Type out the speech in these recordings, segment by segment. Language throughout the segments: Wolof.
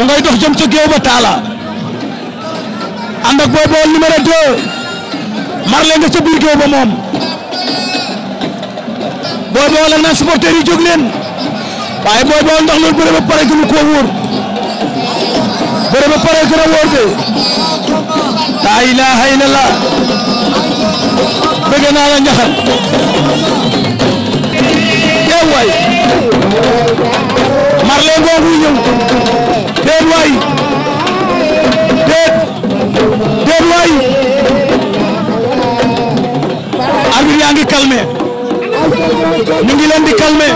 mu ngay dox jëm ca géew ba taala ànd ak booy bool numéro 2 marle nga ca biir géew ba moom booy bool ak naan supporters yi jóg leen waaye booy bool ndax loolu bëre ba pare gënu koo wóor bëre ba pare gën a wóor de laa ilaaha illallah bëgg naa la ñaxal ee waay marle ngoogu ñëw di calmé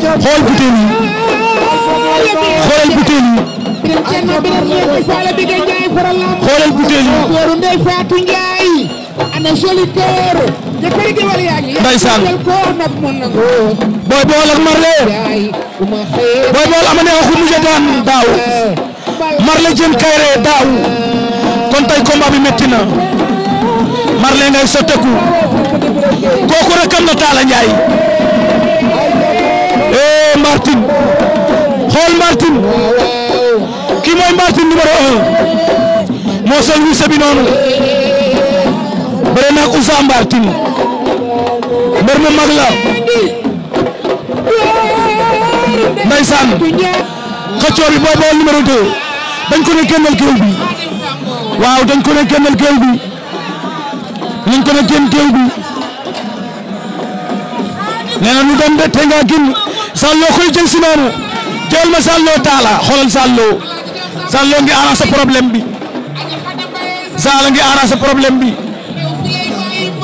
xool butéel yi xoolal butéel yi xoolal butéel yi. Ndeysaan Boy Baol ak Marley Boy Baol ama neex waxu mujj daan daaw Marley jën kayre daaw kon tey combat bi metti na Marley ngay sotteku kooku rakam la Talla Ndiaye eh Martin xool Martin kii mooy Martin numéro 1 moo sol wisa bi noonu bëre na ak Martin mbër mu mag la ndeysaan xëccoo bi boo boo numéro 2 dañ ko ne génnal géew bi waaw dañ ko ne génnal géew bi. nañ ko ne génn géew bi nee na ñu dem de te nga génn Salloo koy jël si noonu jël ma Salloo taala xoolal Salloo Salloo ngi arrangé problème bi Salloo ngi arrangé problème bi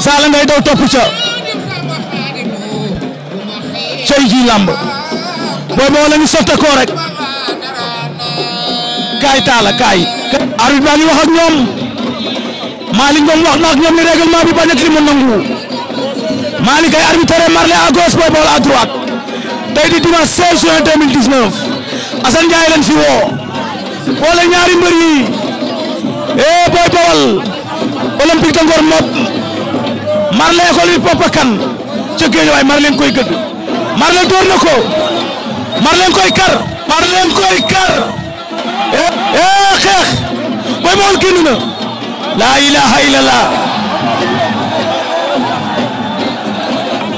Salloo ngay daw topp ca cey ji làmb booy moo la ñu sotte ko rek kaay taala kaay. arbitre bi wax ak ñoom. Malick Ngom wax na ak ñoom ni règlement bi bañ a kii mu nangu Malick ay arbitre Marley à Boy Baol à droite tey di dimanche 16 juin 2019 Assane Ndiaye leen fi woo boole ñaari mbër yi eh Boy Baol olympique de Ngor Mop Marley école bi Papa Kane ca géej waaye Marley koy gëdd Marley door ko Marley koy kar Marley koy kar eh, eh xeex Boy Baol génn na. laa ilaha illallah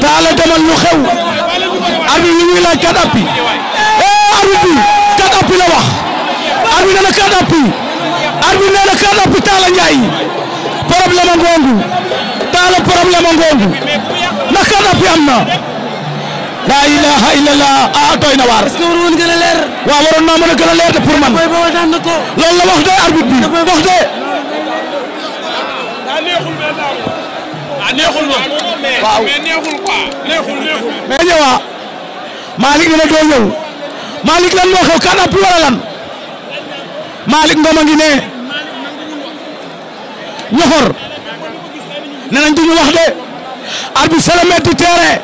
taala demal lu xew arbitre bi ñu appi eh arbitre bi kat appi la wax arbitre na na kat appi taala njaay problème a ngongu taala problème a ngongu ndax kat appi am na laa ilaha illallah ah na waar. est-ce que waroon gën a wax de arbitre bi wax de. ah neexul ma. waaw mais neexul quoi neexul neexul. mais ñëwaa Malick dina doo ñëw ngi ne ñoxor nee nañ duñu wax de arbitre seulement du terrain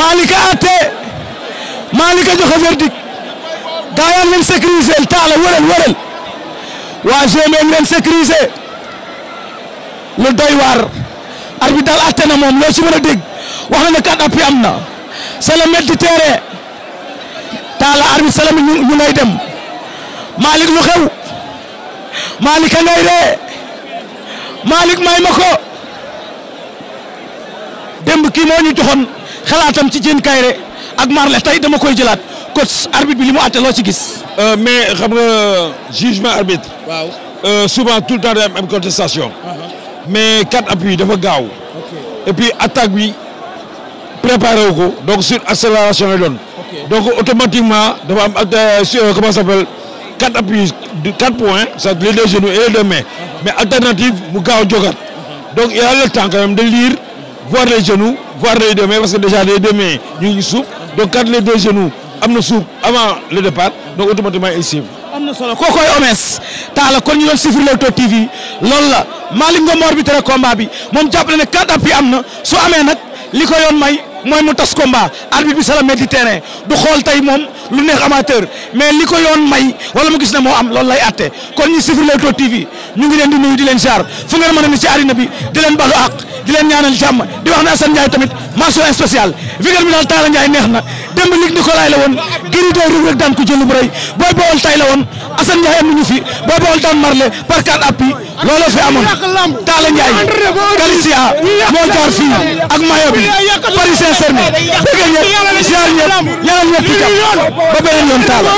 a atte Malick a joxe verdict gaa yaa leen sécuriser taala wërël wërël waa GMA leen sécuriser. lu doy waar arbitre na moom loo si mën a dégg wax nañu kat am na c'est le maître du terrain taala arbitre salam ñu ñu dem Malick lu xew Malick a ngay ree may ma ko démb kii moo ñu joxoon xalaatam ci Diène Kaïré ak Marley tey dama koy jëlaat coach arbitre bi li mu ci gis. Euh, mais xam nga jugement arbitre. waaw euh, souvent tout le temps contestation. Uh-huh. mais quatre appuis dafa gaaw. et puis attaque bi préparé wu ko donc sur accélération lay doon. donc automatiquement dafa am ak euh, sur euh, comment ça s'appelle quatre appuis quatre points c'est-à-dire les deux genoux et deux mains. mais alternative mu gaaw jogaat. donc il y a le temps quand même de lire voir les genoux voir les deux mains parce que déjà les deux mains ñu ngi donc quand les deux genoux am na suuf avant le départ donc automatiquement ils suivent. am na taala kon ñu doon suivre Leewtoo TV loolu la Malick Ngom arbitre combat bi moom jàpp na ne quatre appuis am na su amee nag li ko yoon may mooy mu tas combat arbitre bi sala metti terrain du xool tey moom lu neex amateur mais li ko yoon may wala mu gis ne moo am loolu lay ate kon ñu suivre Leewtoo TV ñu ngi leen di nuyu di leen jaar fu ngeen mën a ne ci àddina bi di leen balu àq di leen ñaanal jàmm di wax na Assane Ndiaye tamit mention spéciale vidéo bi daal Talla Ndiaye neex na démb lig Nicolas la woon Gris 2 Reug Reug daan ko jël bu rëy Boy Baol tay la woon Assane Ndiaye am nañu fi Boy Baol daan Marley par quatre appuis looloo fi amoon Talla Ndiaye Galicia moo jaar fii ak maillot bi Paris Saint-Germain bëgg ñëpp ziar ñëpp ñaanal ñëpp ci jàpp ba beneen yoon Talla